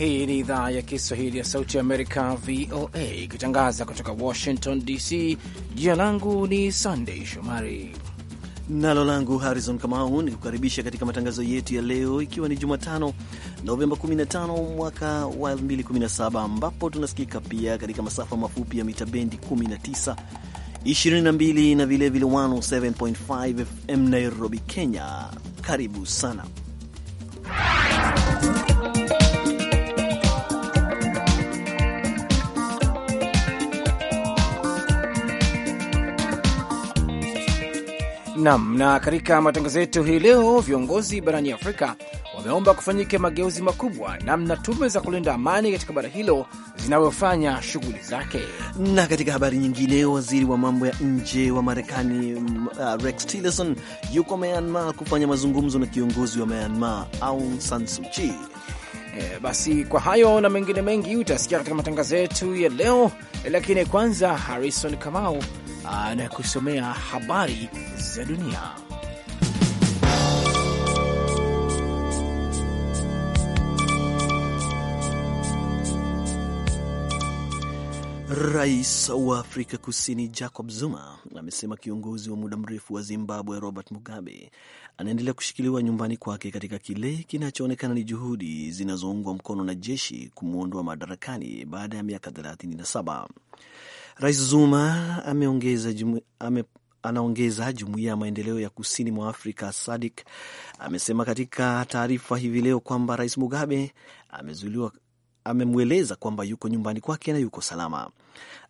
Hii ni idhaa ya Kiswahili ya Sauti ya Amerika, VOA, ikitangaza kutoka Washington DC. Jina langu ni Sandei Shomari nalo langu Harrison Kamau ni kukaribisha katika matangazo yetu ya leo, ikiwa ni Jumatano Novemba 15 mwaka wa 2017, ambapo tunasikika pia katika masafa mafupi ya mita bendi 19, 22 na vilevile 107.5 FM Nairobi, Kenya. Karibu sana Nam na, na katika matangazo yetu hii leo, viongozi barani Afrika wameomba kufanyike mageuzi makubwa namna tume za kulinda amani katika bara hilo zinavyofanya shughuli zake. Na katika habari nyingine, waziri wa mambo ya nje wa Marekani uh, Rex Tillerson yuko Myanmar kufanya mazungumzo na kiongozi wa Myanmar Aung San Suu Kyi. E, basi kwa hayo na mengine mengi utasikia katika matangazo yetu ya leo, lakini kwanza Harrison Kamau anakusomea habari za dunia. Rais wa Afrika Kusini Jacob Zuma amesema kiongozi wa muda mrefu wa Zimbabwe Robert Mugabe anaendelea kushikiliwa nyumbani kwake katika kile kinachoonekana ni juhudi zinazoungwa mkono na jeshi kumwondoa madarakani baada ya miaka 37. Rais Zuma ameongeza jumu, ame, anaongeza jumuiya ya maendeleo ya kusini mwa Afrika sadik amesema katika taarifa hivi leo kwamba Rais Mugabe amezuiliwa amemweleza kwamba yuko nyumbani kwake na yuko salama,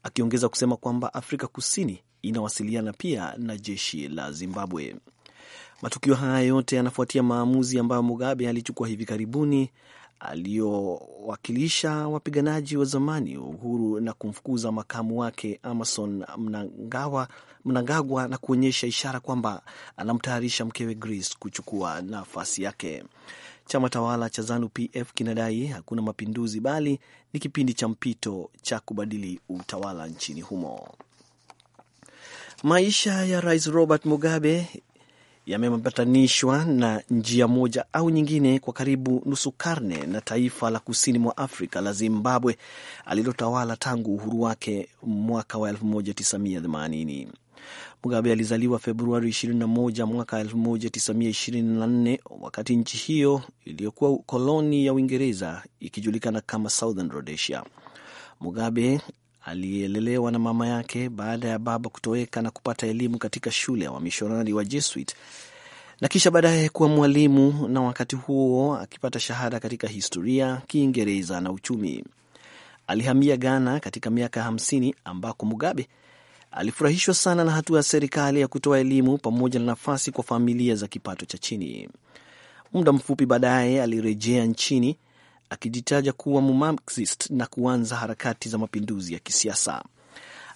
akiongeza kusema kwamba Afrika Kusini inawasiliana pia na jeshi la Zimbabwe. Matukio haya yote yanafuatia maamuzi ambayo Mugabe alichukua hivi karibuni aliyowakilisha wapiganaji wa zamani uhuru na kumfukuza makamu wake Amason Mnangagwa, Mnangagwa na kuonyesha ishara kwamba anamtayarisha mkewe Grace kuchukua nafasi yake. Chama tawala cha ZANU PF kinadai hakuna mapinduzi bali ni kipindi cha mpito cha kubadili utawala nchini humo. Maisha ya Rais Robert Mugabe yameambatanishwa na njia moja au nyingine kwa karibu nusu karne na taifa la kusini mwa Afrika la Zimbabwe alilotawala tangu uhuru wake mwaka wa 1980. Mugabe alizaliwa Februari 21 mwaka 1924 wakati nchi hiyo iliyokuwa koloni ya Uingereza ikijulikana kama Southern Rhodesia. Mugabe aliyelelewa na mama yake baada ya baba kutoweka na kupata elimu katika shule ya wamishonari wa Jesuit na kisha baadaye kuwa mwalimu na wakati huo akipata shahada katika historia, Kiingereza na uchumi. Alihamia Ghana katika miaka hamsini ambako Mugabe alifurahishwa sana na hatua ya serikali ya kutoa elimu pamoja na nafasi kwa familia za kipato cha chini. Muda mfupi baadaye alirejea nchini akijitaja kuwa Marxist na kuanza harakati za mapinduzi ya kisiasa.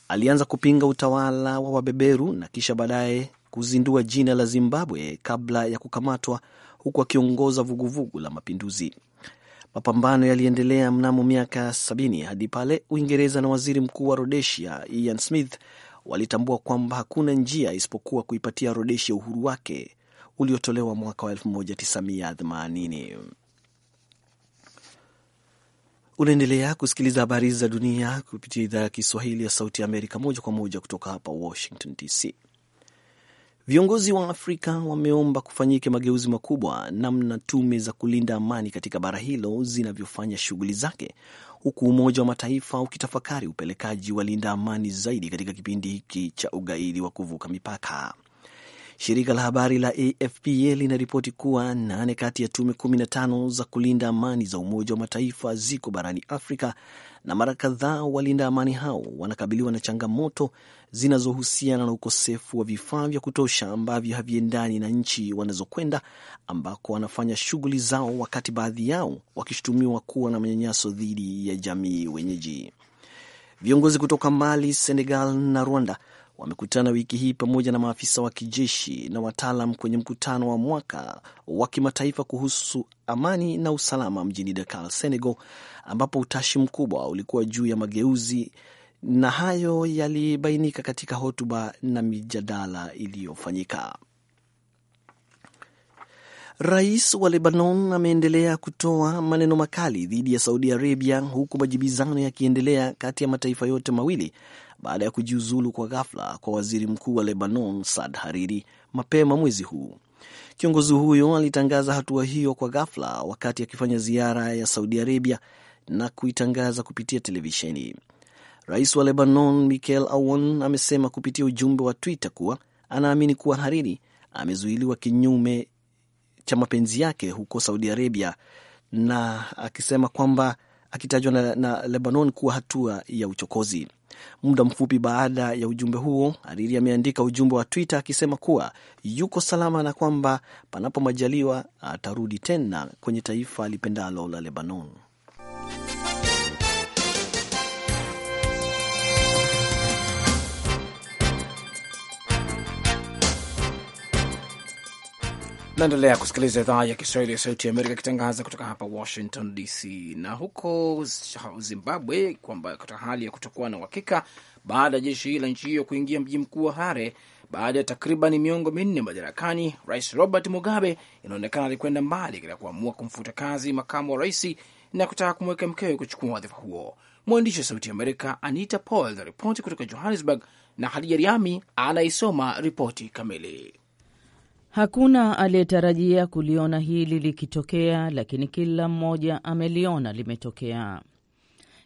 Alianza kupinga utawala wa wabeberu na kisha baadaye kuzindua jina la Zimbabwe kabla ya kukamatwa, huku akiongoza vuguvugu la mapinduzi. Mapambano yaliendelea mnamo miaka ya sabini hadi pale Uingereza na waziri mkuu wa Rhodesia Ian Smith walitambua kwamba hakuna njia isipokuwa kuipatia Rhodesia uhuru wake uliotolewa mwaka wa 1980. Unaendelea kusikiliza habari za dunia kupitia idhaa ya Kiswahili ya Sauti ya Amerika, moja kwa moja kutoka hapa Washington DC. Viongozi wa Afrika wameomba kufanyike mageuzi makubwa namna tume za kulinda amani katika bara hilo zinavyofanya shughuli zake, huku Umoja wa Mataifa ukitafakari upelekaji walinda amani zaidi katika kipindi hiki cha ugaidi wa kuvuka mipaka. Shirika la habari la AFP linaripoti kuwa nane kati ya tume 15 za kulinda amani za Umoja wa Mataifa ziko barani Afrika na mara kadhaa walinda amani hao wanakabiliwa na changamoto zinazohusiana na ukosefu wa vifaa vya kutosha ambavyo haviendani na nchi wanazokwenda ambako wanafanya shughuli zao, wakati baadhi yao wakishutumiwa kuwa na manyanyaso dhidi ya jamii wenyeji. Viongozi kutoka Mali, Senegal na Rwanda wamekutana wiki hii pamoja na maafisa wa kijeshi na wataalam kwenye mkutano wa mwaka wa kimataifa kuhusu amani na usalama mjini Dakar, Senegal, ambapo utashi mkubwa ulikuwa juu ya mageuzi, na hayo yalibainika katika hotuba na mijadala iliyofanyika. Rais wa Lebanon ameendelea kutoa maneno makali dhidi ya Saudi Arabia, huku majibizano yakiendelea kati ya mataifa yote mawili baada ya kujiuzulu kwa ghafla kwa waziri mkuu wa Lebanon Saad Hariri mapema mwezi huu. Kiongozi huyo alitangaza hatua hiyo kwa ghafla wakati akifanya ziara ya Saudi Arabia na kuitangaza kupitia televisheni. Rais wa Lebanon Michel Aoun amesema kupitia ujumbe wa Twitter kuwa anaamini kuwa Hariri amezuiliwa kinyume cha mapenzi yake huko Saudi Arabia, na akisema kwamba akitajwa na, na Lebanon kuwa hatua ya uchokozi. Muda mfupi baada ya ujumbe huo, Hariri ameandika ujumbe wa Twitter akisema kuwa yuko salama na kwamba panapo majaliwa atarudi tena kwenye taifa alipendalo la Lebanon. Naendelea kusikiliza idhaa ya Kiswahili ya Sauti ya Amerika ikitangaza kutoka hapa Washington DC. Na huko Zimbabwe, kwamba katika hali ya kutokuwa na uhakika baada ya jeshi la nchi hiyo kuingia mji mkuu wa Harare baada ya takriban miongo minne madarakani, Rais Robert Mugabe inaonekana alikwenda mbali katika kuamua kumfuta kazi makamu wa rais na kutaka kumweka mkewe kuchukua wadhifa huo. Mwandishi wa Sauti ya Amerika Anita Paul na ripoti kutoka Johannesburg, na Hadija Riami anaisoma ripoti kamili. Hakuna aliyetarajia kuliona hili likitokea, lakini kila mmoja ameliona limetokea.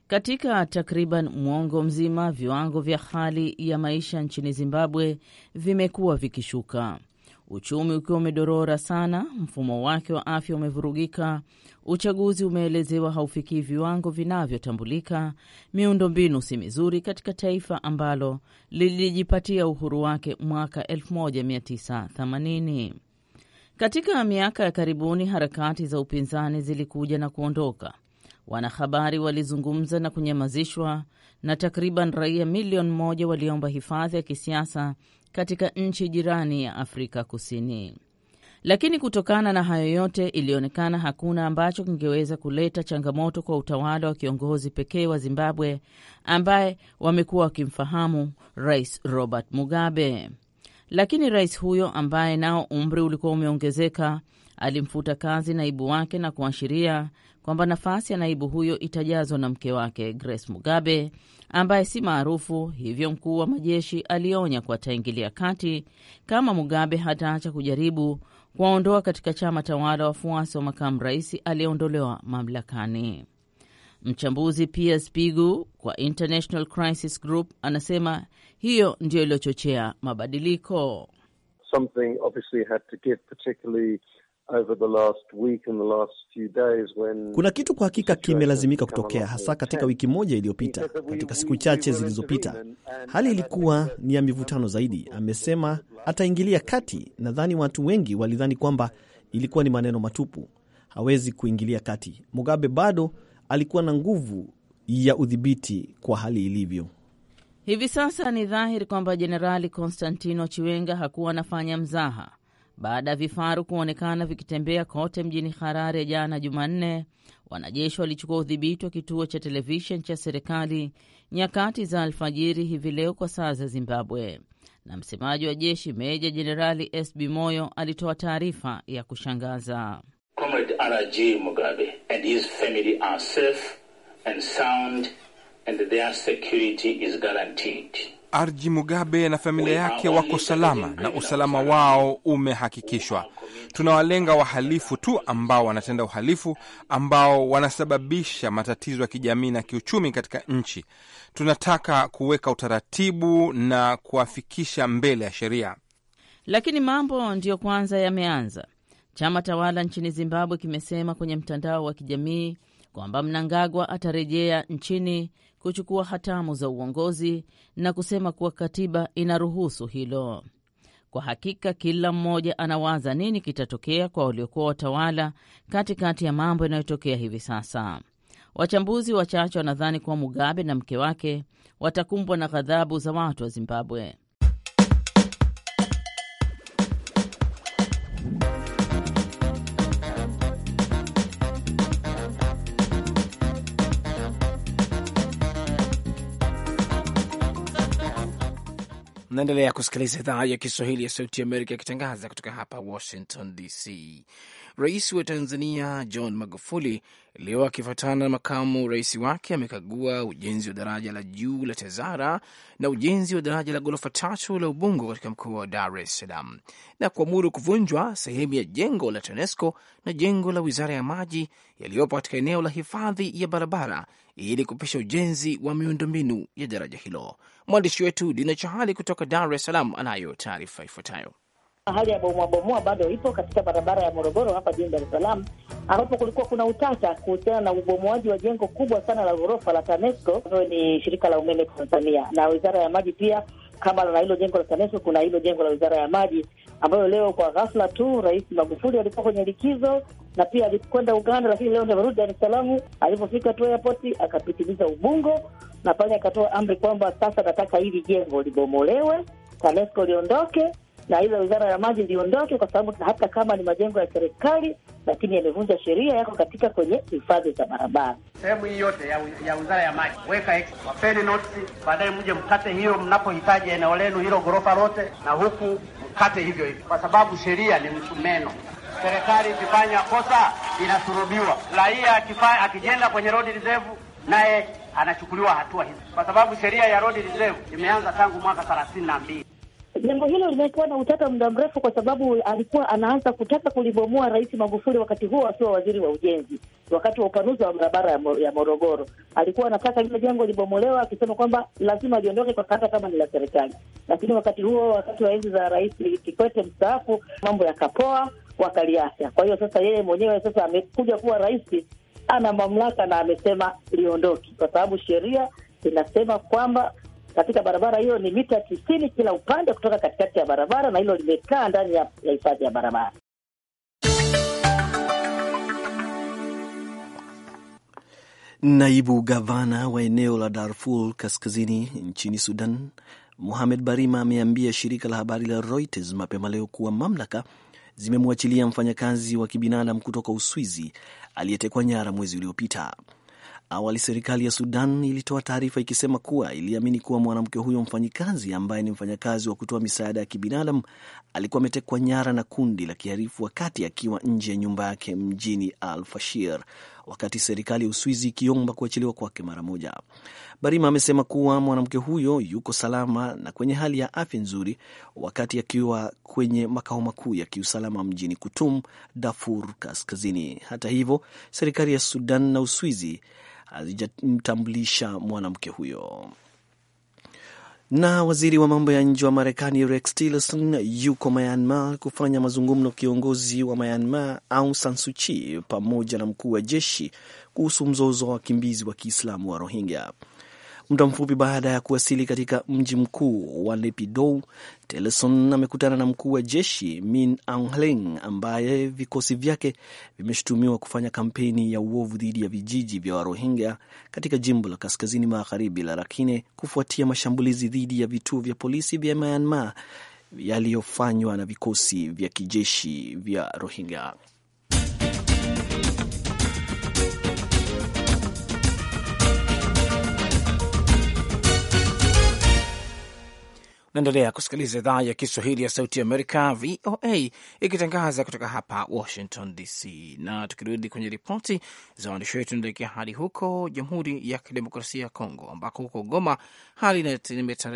Katika takriban mwongo mzima, viwango vya hali ya maisha nchini Zimbabwe vimekuwa vikishuka uchumi ukiwa umedorora sana, mfumo wake wa afya umevurugika, uchaguzi umeelezewa haufikii viwango vinavyotambulika, miundombinu si mizuri katika taifa ambalo lilijipatia uhuru wake mwaka 1980. Katika miaka ya karibuni harakati za upinzani zilikuja na kuondoka, wanahabari walizungumza na kunyamazishwa, na takriban raia milioni moja waliomba hifadhi ya kisiasa katika nchi jirani ya Afrika Kusini. Lakini kutokana na hayo yote, ilionekana hakuna ambacho kingeweza kuleta changamoto kwa utawala wa kiongozi pekee wa Zimbabwe ambaye wamekuwa wakimfahamu Rais Robert Mugabe. Lakini rais huyo ambaye nao umri ulikuwa umeongezeka alimfuta kazi naibu wake na kuashiria kwamba nafasi ya naibu huyo itajazwa na mke wake Grace Mugabe ambaye si maarufu, hivyo mkuu wa majeshi alionya kuwa ataingilia kati kama Mugabe hataacha kujaribu kuwaondoa katika chama tawala wafuasi wa makamu rais aliyeondolewa mamlakani. Mchambuzi Piers Pigu kwa International Crisis Group anasema hiyo ndiyo iliyochochea mabadiliko. Something obviously had to give particularly over the last week and the last few days when kuna kitu kwa hakika kimelazimika kutokea, hasa katika wiki moja iliyopita. Katika siku chache zilizopita, hali ilikuwa ni ya mivutano zaidi. Amesema ataingilia kati. Nadhani watu wengi walidhani kwamba ilikuwa ni maneno matupu, hawezi kuingilia kati. Mugabe bado alikuwa na nguvu ya udhibiti kwa hali ilivyo hivi sasa. Ni dhahiri kwamba Jenerali Konstantino Chiwenga hakuwa anafanya mzaha baada ya vifaru kuonekana vikitembea kote mjini Harare jana Jumanne, wanajeshi walichukua udhibiti wa kituo cha televisheni cha serikali nyakati za alfajiri hivi leo kwa saa za Zimbabwe, na msemaji wa jeshi Meja Jenerali SB Moyo alitoa taarifa ya kushangaza. Comrade RG Mugabe and his family are safe and sound and their security is guaranteed. Arji Mugabe na familia yake wako salama na usalama wao umehakikishwa. Tunawalenga wahalifu tu ambao wanatenda uhalifu, ambao wanasababisha matatizo ya kijamii na kiuchumi katika nchi. Tunataka kuweka utaratibu na kuwafikisha mbele ya sheria, lakini mambo ndiyo kwanza yameanza. Chama tawala nchini Zimbabwe kimesema kwenye mtandao wa kijamii kwamba Mnangagwa atarejea nchini kuchukua hatamu za uongozi na kusema kuwa katiba inaruhusu hilo. Kwa hakika kila mmoja anawaza nini kitatokea kwa waliokuwa watawala katikati ya mambo yanayotokea hivi sasa. Wachambuzi wachache wanadhani kuwa Mugabe na mke wake watakumbwa na ghadhabu za watu wa Zimbabwe. Naendelea kusikiliza idhaa ya Kiswahili ya Sauti ya Amerika ikitangaza kutoka hapa Washington DC. Rais wa Tanzania John Magufuli leo akifuatana na makamu rais wake amekagua ujenzi wa daraja la juu la Tazara na ujenzi wa daraja la ghorofa tatu la Ubungo katika mkoa wa Dar es Salaam na kuamuru kuvunjwa sehemu ya jengo la TANESCO na jengo la wizara ya maji yaliyopo katika eneo la hifadhi ya barabara ili kupisha ujenzi wa miundombinu ya daraja hilo. Mwandishi wetu Dina Chahali kutoka Dar es Salaam anayo taarifa ifuatayo hali ya bomoa bomoa bado ipo katika barabara ya Morogoro hapa jijini Dar es Salaam, ambapo kulikuwa kuna utata kuhusiana na ubomoaji wa jengo kubwa sana la ghorofa la TANESCO ambayo ni shirika la umeme Tanzania na wizara ya maji pia. Kama na hilo jengo la TANESCO kuna hilo jengo la wizara ya maji ambayo leo kwa ghafla tu Rais Magufuli alikuwa kwenye likizo na pia alikwenda Uganda, lakini leo ndio amerudi Dar es Salaam. Alipofika tu airport akapitiliza ubungo na pale akatoa amri kwamba sasa nataka hili jengo libomolewe, TANESCO liondoke na aidha wizara ya maji liondoke kwa sababu hata kama ni majengo ya serikali lakini yamevunja sheria, yako katika kwenye hifadhi za barabara. Sehemu hii yote ya wizara ya maji weka, wapeni notisi, baadaye mje mkate hiyo mnapohitaji eneo lenu hilo ghorofa lote, na huku mkate hivyo hivyo, kwa sababu sheria ni msumeno. Serikali ikifanya kosa inasurubiwa, raia akijenga kwenye road reserve naye anachukuliwa hatua hizi, kwa sababu sheria ya road reserve imeanza tangu mwaka thelathini na mbili. Jengo hilo limekuwa na utata muda mrefu, kwa sababu alikuwa anaanza kutaka kulibomoa Rais Magufuli wakati huo akiwa waziri wa ujenzi, wakati wa upanuzi wa barabara ya Morogoro. Alikuwa anataka lile jengo libomolewa, akisema kwamba lazima liondoke kwa kata kama ni la serikali. Lakini wakati huo, wakati wa enzi za Rais Kikwete mstaafu, mambo yakapoa, wakaliacha. Kwa hiyo sasa yeye mwenyewe sasa amekuja kuwa rais, ana mamlaka na amesema liondoki kwa sababu sheria inasema kwamba katika barabara hiyo ni mita tisini kila upande kutoka katikati ya barabara, na hilo limekaa ndani ya hifadhi ya barabara. Naibu gavana wa eneo la Darfur kaskazini nchini Sudan, muhamed Barima ameambia shirika la habari la Reuters mapema leo kuwa mamlaka zimemwachilia mfanyakazi wa kibinadamu kutoka Uswizi aliyetekwa nyara mwezi uliopita. Awali serikali ya Sudan ilitoa taarifa ikisema kuwa iliamini kuwa mwanamke huyo mfanyikazi ambaye ni mfanyakazi wa kutoa misaada ya kibinadamu alikuwa ametekwa nyara na kundi la kiharifu wakati akiwa nje ya nyumba yake mjini Al Fashir, wakati serikali ya Uswizi ikiomba kuachiliwa kwake mara moja. Barima amesema kuwa mwanamke huyo yuko salama na kwenye hali ya afya nzuri, wakati akiwa kwenye makao makuu ya kiusalama mjini Kutum, Darfur Kaskazini. Hata hivyo, serikali ya Sudan na Uswizi hazijamtambulisha mwanamke huyo. Na waziri wa mambo ya nje wa Marekani Rex Tillerson yuko Myanmar kufanya mazungumzo kiongozi wa Myanmar Aung San Suu Kyi pamoja na mkuu wa jeshi kuhusu mzozo wa wakimbizi wa Kiislamu wa Rohingya. Muda mfupi baada ya kuwasili katika mji mkuu wa Naypyidaw, Tillerson amekutana na mkuu wa jeshi Min Aung Hlaing ambaye vikosi vyake vimeshutumiwa kufanya kampeni ya uovu dhidi ya vijiji vya Warohingya katika jimbo la kaskazini magharibi la Rakhine kufuatia mashambulizi dhidi ya vituo vya polisi vya Myanmar yaliyofanywa na vikosi vya kijeshi vya Rohingya. naendelea kusikiliza idhaa ya Kiswahili ya Sauti Amerika, VOA, ikitangaza kutoka hapa Washington DC. Na tukirudi kwenye ripoti za waandishi wetu, naelekea hadi huko Jamhuri ya Kidemokrasia ya Kongo, ambako huko Goma hali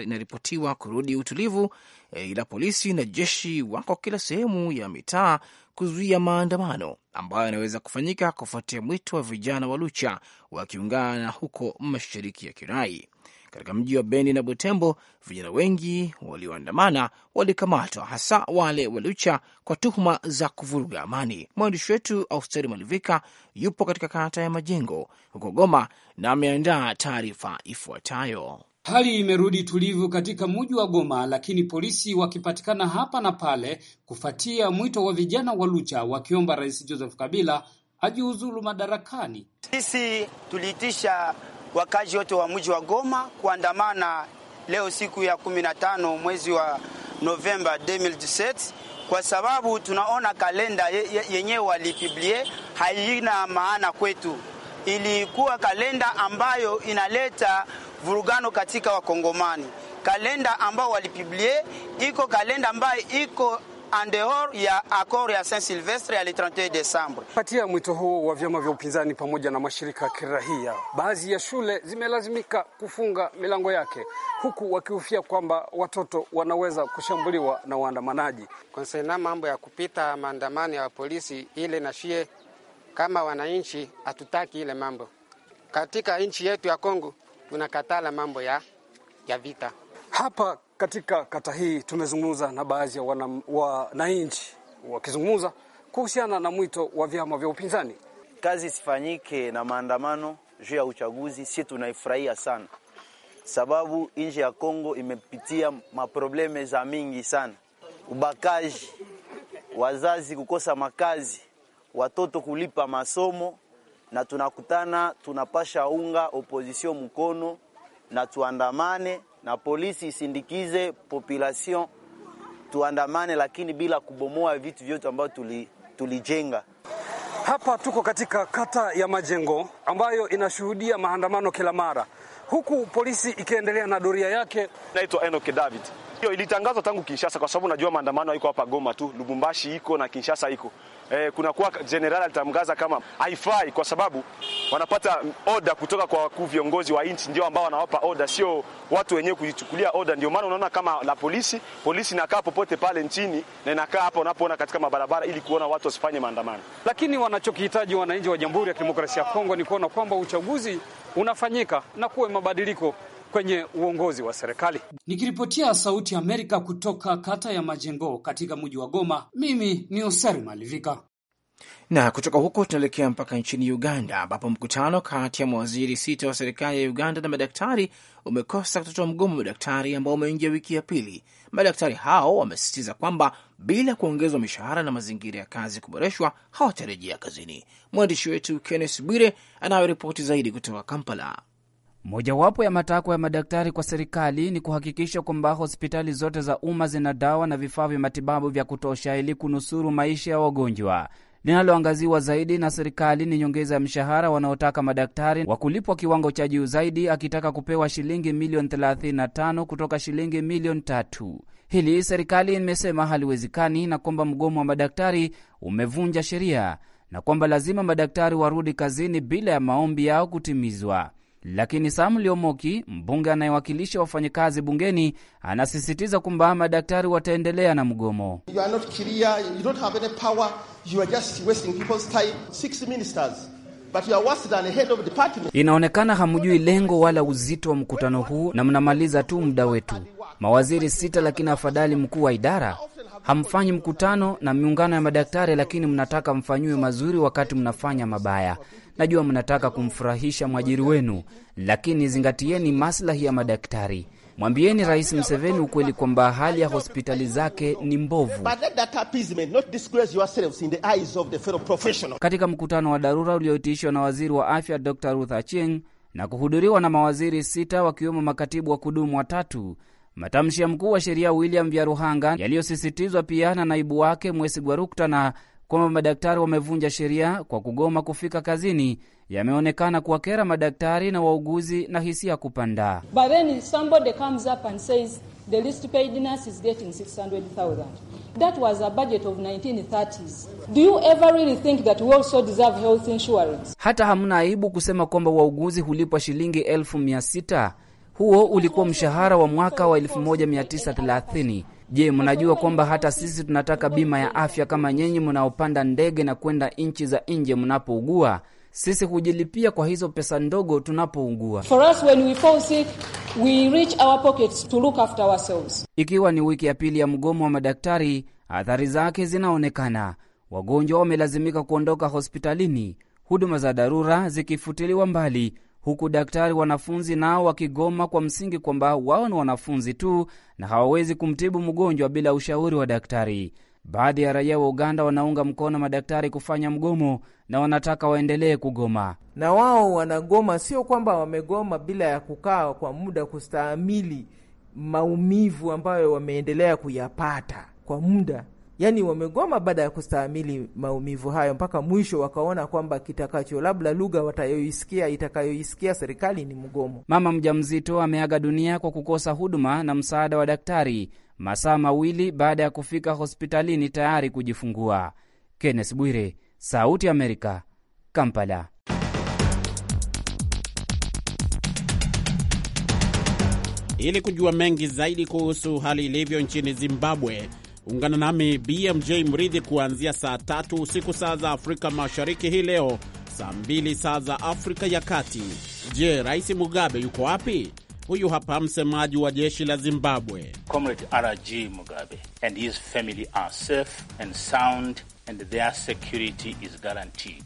inaripotiwa kurudi utulivu, eh, ila polisi na jeshi wako kila sehemu ya mitaa kuzuia maandamano ambayo yanaweza kufanyika kufuatia mwito wa vijana wa Lucha wakiungana huko mashariki ya Kirai. Katika mji wa Beni na Butembo, vijana wengi walioandamana walikamatwa, hasa wale wa Lucha kwa tuhuma za kuvuruga amani. Mwandishi wetu Austeri Malivika yupo katika kata ya Majengo huko Goma na ameandaa taarifa ifuatayo. Hali imerudi tulivu katika mji wa Goma, lakini polisi wakipatikana hapa na pale kufuatia mwito wa vijana wa Lucha wakiomba Rais Joseph Kabila ajiuzulu madarakani. Sisi tuliitisha wakazi wote wa mji wa Goma kuandamana leo siku ya 15 mwezi wa Novemba 2017 kwa sababu tunaona kalenda yenyewe walipiblie haina maana kwetu. Ilikuwa kalenda ambayo inaleta vurugano katika Wakongomani. Kalenda ambayo walipiblie iko kalenda ambayo iko en dehors ya akor ya Saint Silvestre ya le 31 Desembre. Katia mwito huo wa vyama vya upinzani pamoja na mashirika ya kirahia baadhi ya shule zimelazimika kufunga milango yake, huku wakihofia kwamba watoto wanaweza kushambuliwa na waandamanaji. Konsena mambo ya kupita maandamano ya polisi ile na shie, kama wananchi hatutaki ile mambo katika nchi yetu ya Kongo, tunakatala mambo ya, ya vita hapa katika kata hii tumezungumza na baadhi ya wananchi wakizungumza kuhusiana na mwito wa vyama vya upinzani kazi isifanyike na maandamano juu ya uchaguzi. Si tunaifurahia sana, sababu nchi ya Kongo imepitia maprobleme za mingi sana: ubakaji, wazazi kukosa makazi, watoto kulipa masomo, na tunakutana tunapasha unga opposition mkono na tuandamane na polisi isindikize population tuandamane, lakini bila kubomoa vitu vyote ambavyo tulijenga tuli hapa. Tuko katika kata ya Majengo ambayo inashuhudia maandamano kila mara, huku polisi ikiendelea na doria yake. Naitwa Enok David. Hiyo ilitangazwa tangu Kinshasa, kwa sababu najua maandamano haiko hapa Goma tu, Lubumbashi iko na Kinshasa iko eh, kunakuwa general alitamgaza kama haifai, kwa sababu wanapata oda kutoka kwa wakuu viongozi wa nchi, ndio ambao wanawapa oda, sio watu wenyewe kujichukulia oda. Ndio maana unaona kama la polisi, polisi inakaa popote pale nchini na inakaa hapa unapoona katika mabarabara, ili kuona watu wasifanye maandamano. Lakini wanachokihitaji wananchi wa Jamhuri ya Kidemokrasia ya Kongo ni kuona kwamba uchaguzi unafanyika na kuwe mabadiliko kwenye uongozi wa serikali. Nikiripotia Sauti ya Amerika kutoka kata ya Majengo katika mji wa Goma, mimi ni Oseri Malivika. Na kutoka huko tunaelekea mpaka nchini Uganda ambapo mkutano kati ya mawaziri sita wa serikali ya Uganda na madaktari umekosa kutotoa mgomo wa madaktari ambao umeingia wiki ya pili. Madaktari hao wamesisitiza kwamba bila kuongezwa mishahara na mazingira ya kazi kuboreshwa hawatarejea kazini. Mwandishi wetu Kenneth Bwire anayo ripoti zaidi kutoka Kampala. Mojawapo ya matakwa ya madaktari kwa serikali ni kuhakikisha kwamba hospitali zote za umma zina dawa na vifaa vya matibabu vya kutosha ili kunusuru maisha ya wagonjwa. Linaloangaziwa zaidi na serikali ni nyongeza ya mshahara wanaotaka madaktari wa kulipwa kiwango cha juu zaidi, akitaka kupewa shilingi milioni 35 kutoka shilingi milioni tatu. Hili serikali imesema haliwezekani na kwamba mgomo wa madaktari umevunja sheria na kwamba lazima madaktari warudi kazini bila ya maombi yao kutimizwa. Lakini Sam Liomoki, mbunge anayewakilisha wafanyakazi bungeni, anasisitiza kwamba madaktari wataendelea na mgomo. Inaonekana hamjui lengo wala uzito wa mkutano huu na mnamaliza tu muda wetu, mawaziri sita, lakini afadhali mkuu wa idara hamfanyi mkutano na miungano ya madaktari, lakini mnataka mfanyiwe mazuri wakati mnafanya mabaya. Najua mnataka kumfurahisha mwajiri wenu, lakini zingatieni maslahi ya madaktari. Mwambieni Rais Mseveni ukweli kwamba hali ya hospitali zake ni mbovu. Katika mkutano wa dharura ulioitishwa na waziri wa afya Dr Ruth Acheng na kuhudhuriwa na mawaziri sita wakiwemo makatibu wa kudumu watatu, matamshi ya mkuu wa sheria William Vyaruhanga yaliyosisitizwa pia na naibu wake Mwesigwa ruktana kwamba madaktari wamevunja sheria kwa kugoma kufika kazini yameonekana kuwakera madaktari na wauguzi na hisia kupanda. Hata hamna aibu kusema kwamba wauguzi hulipwa shilingi elfu mia sita. Huo ulikuwa mshahara wa mwaka wa 1930. Je, mnajua kwamba hata sisi tunataka bima ya afya kama nyinyi mnaopanda ndege na kwenda nchi za nje mnapougua? Sisi hujilipia kwa hizo pesa ndogo tunapougua. Ikiwa ni wiki ya pili ya mgomo wa madaktari, athari zake zinaonekana. Wagonjwa wamelazimika kuondoka hospitalini, huduma za dharura zikifutiliwa mbali, huku daktari wanafunzi nao wakigoma kwa msingi kwamba wao ni wanafunzi tu na hawawezi kumtibu mgonjwa bila ushauri wa daktari. Baadhi ya raia wa Uganda wanaunga mkono madaktari kufanya mgomo na wanataka waendelee kugoma. Na wao wanagoma, sio kwamba wamegoma bila ya kukaa kwa muda kustaamili maumivu ambayo wameendelea kuyapata kwa muda yani wamegoma baada ya kustahimili maumivu hayo mpaka mwisho, wakaona kwamba kitakacho labda lugha watayoisikia itakayoisikia serikali ni mgomo. Mama mjamzito ameaga dunia kwa kukosa huduma na msaada wa daktari masaa mawili baada ya kufika hospitalini tayari kujifungua. Kenneth Bwire, Sauti ya Amerika, Kampala. Ili kujua mengi zaidi kuhusu hali ilivyo nchini Zimbabwe Ungana nami BMJ Mridhi kuanzia saa tatu usiku saa za Afrika Mashariki hii leo, saa mbili saa za Afrika ya Kati. Je, Rais Mugabe yuko wapi? Huyu hapa msemaji wa jeshi la Zimbabwe, Comrade RG Mugabe and his family are safe and sound and their security is guaranteed.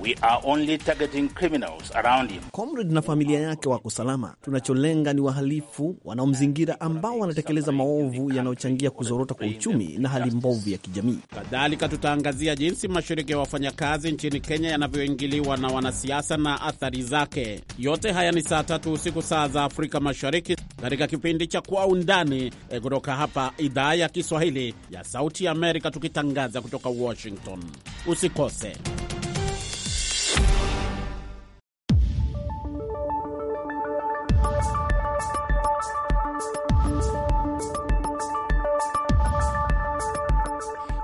We are only targeting criminals around him. Comrade na familia yake wako salama. Tunacholenga ni wahalifu wanaomzingira ambao wanatekeleza maovu yanayochangia kuzorota kwa uchumi na hali mbovu ya kijamii. Kadhalika, tutaangazia jinsi mashirika ya wafanyakazi nchini Kenya yanavyoingiliwa na wanasiasa na athari zake. Yote haya ni saa tatu usiku saa za Afrika Mashariki katika kipindi cha Kwa Undani eh, kutoka hapa idhaa ya Kiswahili ya Sauti ya Amerika tukitangaza kutoka Washington. Washington. Usikose.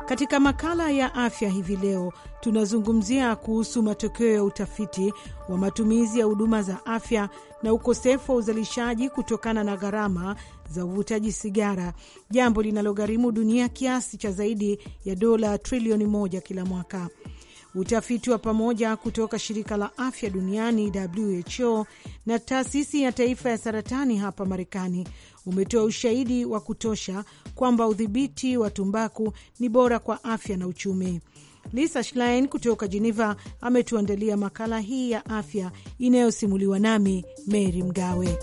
Katika makala ya afya hivi leo tunazungumzia kuhusu matokeo ya utafiti wa matumizi ya huduma za afya na ukosefu wa uzalishaji kutokana na gharama za uvutaji sigara, jambo linalogharimu dunia kiasi cha zaidi ya dola trilioni moja kila mwaka. Utafiti wa pamoja kutoka shirika la afya duniani WHO na taasisi ya taifa ya saratani hapa Marekani umetoa ushahidi wa kutosha kwamba udhibiti wa tumbaku ni bora kwa afya na uchumi. Lisa Schlein kutoka Geneva ametuandalia makala hii ya afya inayosimuliwa nami Mary Mgawe.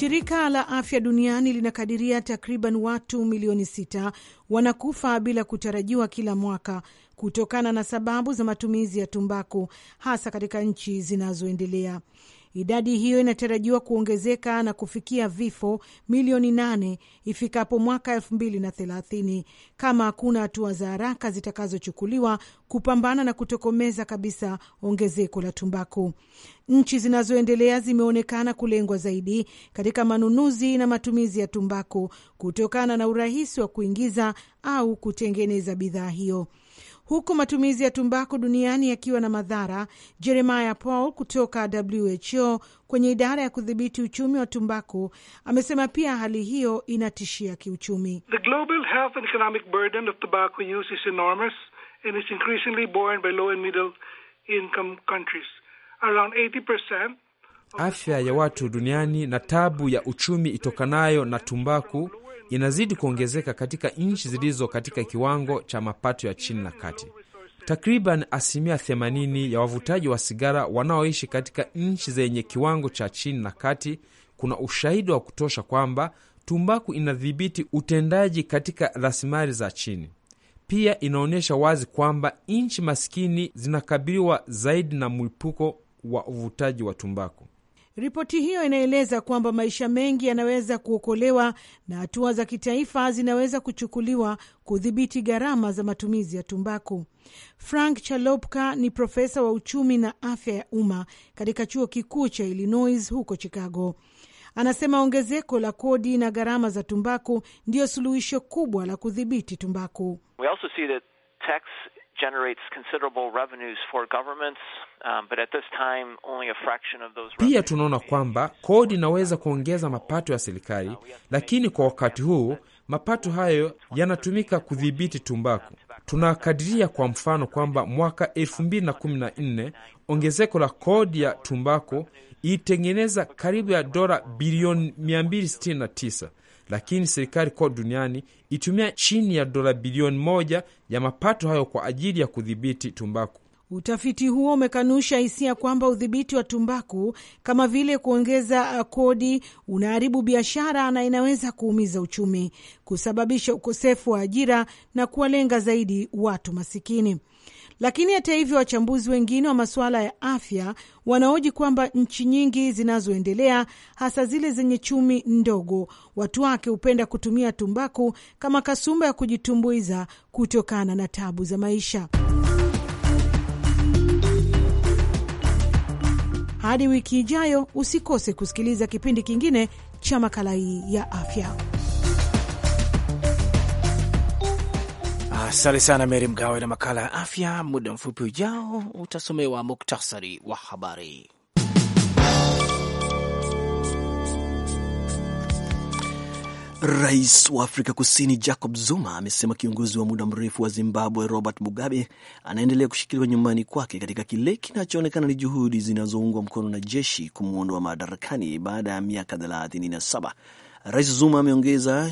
Shirika la Afya Duniani linakadiria takriban watu milioni sita wanakufa bila kutarajiwa kila mwaka kutokana na sababu za matumizi ya tumbaku hasa katika nchi zinazoendelea. Idadi hiyo inatarajiwa kuongezeka na kufikia vifo milioni nane ifikapo mwaka elfu mbili na thelathini kama hakuna hatua za haraka zitakazochukuliwa kupambana na kutokomeza kabisa ongezeko la tumbaku. Nchi zinazoendelea zimeonekana kulengwa zaidi katika manunuzi na matumizi ya tumbaku kutokana na urahisi wa kuingiza au kutengeneza bidhaa hiyo huku matumizi ya tumbaku duniani yakiwa na madhara. Jeremiah Paul kutoka WHO kwenye idara ya kudhibiti uchumi wa tumbaku amesema pia hali hiyo inatishia kiuchumi. The global health and economic burden of tobacco use is enormous and is increasingly borne by low and middle income countries. Around 80% afya ya watu duniani na tabu ya uchumi itokanayo na tumbaku inazidi kuongezeka katika nchi zilizo katika kiwango cha mapato ya chini na kati. Takriban asilimia 80 ya wavutaji wa sigara wanaoishi katika nchi zenye kiwango cha chini na kati. Kuna ushahidi wa kutosha kwamba tumbaku inadhibiti utendaji katika rasilimali za chini. Pia inaonyesha wazi kwamba nchi masikini zinakabiliwa zaidi na mlipuko wa uvutaji wa tumbaku. Ripoti hiyo inaeleza kwamba maisha mengi yanaweza kuokolewa na hatua za kitaifa zinaweza kuchukuliwa kudhibiti gharama za matumizi ya tumbaku. Frank Chalopka ni profesa wa uchumi na afya ya umma katika chuo kikuu cha Illinois huko Chicago. Anasema ongezeko la kodi na gharama za tumbaku ndiyo suluhisho kubwa la kudhibiti tumbaku. We also see that tax generates considerable revenues for governments, um, but at this time only a fraction of those. Pia tunaona kwamba kodi inaweza kuongeza mapato ya serikali, lakini kwa wakati huu mapato hayo yanatumika kudhibiti tumbaku. Tunakadiria kwa mfano kwamba mwaka 2014 ongezeko la kodi ya tumbako ilitengeneza karibu ya dola bilioni 269 lakini serikali kote duniani itumia chini ya dola bilioni moja ya mapato hayo kwa ajili ya kudhibiti tumbaku. Utafiti huo umekanusha hisia kwamba udhibiti wa tumbaku kama vile kuongeza uh, kodi unaharibu biashara na inaweza kuumiza uchumi, kusababisha ukosefu wa ajira na kuwalenga zaidi watu masikini. Lakini hata hivyo, wachambuzi wengine wa masuala ya afya wanaoji kwamba nchi nyingi zinazoendelea hasa zile zenye chumi ndogo, watu wake hupenda kutumia tumbaku kama kasumba ya kujitumbuiza kutokana na tabu za maisha. Hadi wiki ijayo, usikose kusikiliza kipindi kingine cha makala hii ya afya. Asante sana Meri Mgawe na makala ya afya. Muda mfupi ujao utasomewa muktasari wa habari. Rais wa Afrika Kusini Jacob Zuma amesema kiongozi wa muda mrefu wa Zimbabwe Robert Mugabe anaendelea kushikiliwa nyumbani kwake katika kile kinachoonekana ni juhudi zinazoungwa mkono na jeshi kumwondoa madarakani baada ya miaka 37 Rais Zuma ameongeza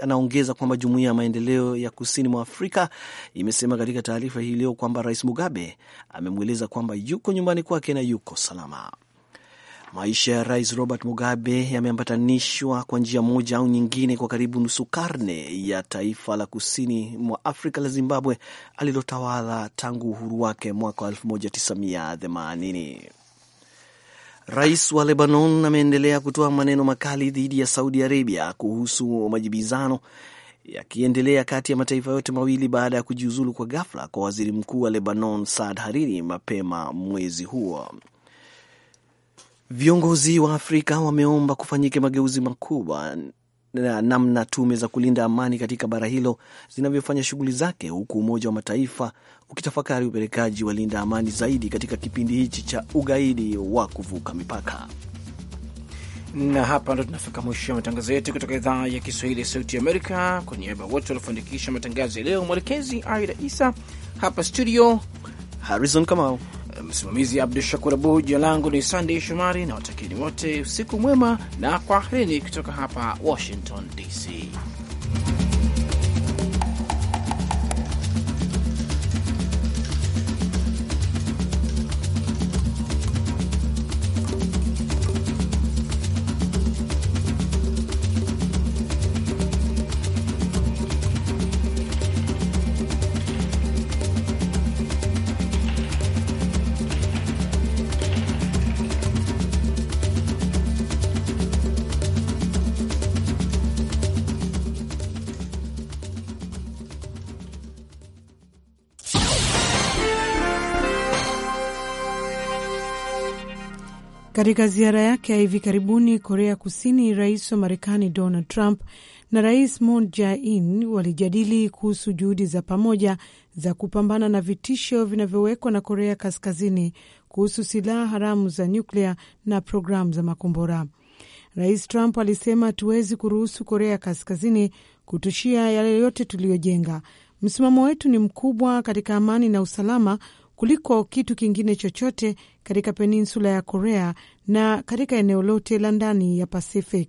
anaongeza kwamba jumuiya ya maendeleo ya kusini mwa Afrika imesema katika taarifa hii leo kwamba Rais Mugabe amemweleza kwamba yuko nyumbani kwake na yuko salama. Maisha ya Rais Robert Mugabe yameambatanishwa kwa njia moja au nyingine kwa karibu nusu karne ya taifa la kusini mwa Afrika la Zimbabwe alilotawala tangu uhuru wake mwaka wa 1980. Rais wa Lebanon ameendelea kutoa maneno makali dhidi ya Saudi Arabia kuhusu majibizano yakiendelea kati ya mataifa yote mawili baada ya kujiuzulu kwa ghafla kwa waziri mkuu wa Lebanon Saad Hariri mapema mwezi huo. Viongozi wa Afrika wameomba kufanyike mageuzi makubwa na namna tume za kulinda amani katika bara hilo zinavyofanya shughuli zake, huku Umoja wa Mataifa ukitafakari upelekaji wa linda amani zaidi katika kipindi hichi cha ugaidi wa kuvuka mipaka. Na hapa ndo tunafika mwisho ya matangazo yetu kutoka idhaa ya Kiswahili ya Sauti ya Amerika. Kwa niaba ya wote waliofanikisha matangazo ya leo, mwelekezi Aida Isa hapa studio Harrison Kamau. Msimamizi Abdu Shakur abu Jina langu ni Sandey Shomari na watakieni wote usiku mwema na kwaherini kutoka hapa Washington DC. Katika ziara yake ya hivi karibuni Korea Kusini, rais wa Marekani Donald Trump na rais Moon Jae-in walijadili kuhusu juhudi za pamoja za kupambana na vitisho vinavyowekwa na Korea Kaskazini kuhusu silaha haramu za nyuklia na programu za makombora. Rais Trump alisema, hatuwezi kuruhusu Korea Kaskazini kutushia yale yote tuliyojenga. Msimamo wetu ni mkubwa katika amani na usalama kuliko kitu kingine chochote katika peninsula ya Korea na katika eneo lote la ndani ya Pacific.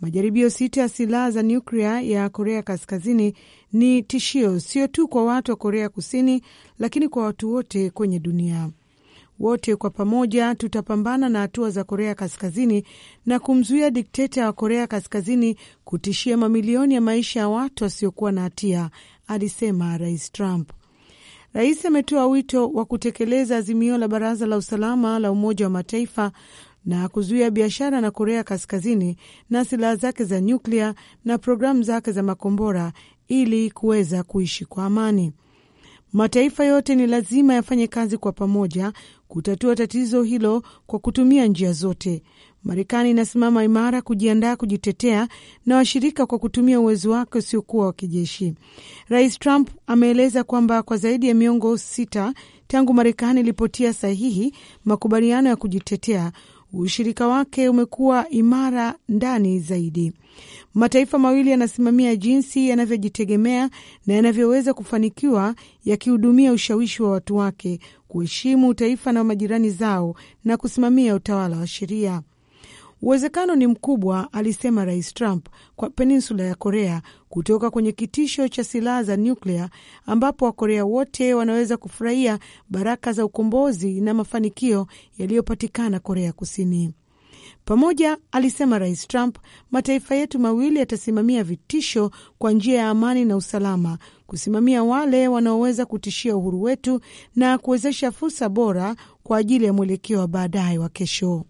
Majaribio sita ya silaha za nyuklia ya Korea Kaskazini ni tishio sio tu kwa watu wa Korea Kusini, lakini kwa watu wote kwenye dunia. Wote kwa pamoja tutapambana na hatua za Korea Kaskazini na kumzuia dikteta wa Korea Kaskazini kutishia mamilioni ya maisha ya watu wasiokuwa na hatia, alisema Rais Trump. Rais ametoa wito wa kutekeleza azimio la Baraza la Usalama la Umoja wa Mataifa na kuzuia biashara na Korea Kaskazini na silaha zake za nyuklia na programu zake za makombora ili kuweza kuishi kwa amani. Mataifa yote ni lazima yafanye kazi kwa pamoja kutatua tatizo hilo kwa kutumia njia zote, Marekani inasimama imara kujiandaa kujitetea na washirika kwa kutumia uwezo wake usiokuwa wa kijeshi. Rais Trump ameeleza kwamba kwa zaidi ya miongo sita tangu Marekani ilipotia sahihi makubaliano ya kujitetea, ushirika wake umekuwa imara ndani zaidi. Mataifa mawili yanasimamia jinsi yanavyojitegemea na yanavyoweza kufanikiwa, yakihudumia ushawishi wa watu wake, kuheshimu taifa na majirani zao na kusimamia utawala wa sheria. Uwezekano ni mkubwa, alisema Rais Trump, kwa peninsula ya Korea kutoka kwenye kitisho cha silaha za nyuklia, ambapo Wakorea wote wanaweza kufurahia baraka za ukombozi na mafanikio yaliyopatikana Korea Kusini. Pamoja, alisema Rais Trump, mataifa yetu mawili yatasimamia vitisho kwa njia ya amani na usalama, kusimamia wale wanaoweza kutishia uhuru wetu na kuwezesha fursa bora kwa ajili ya mwelekeo wa baadaye wa kesho.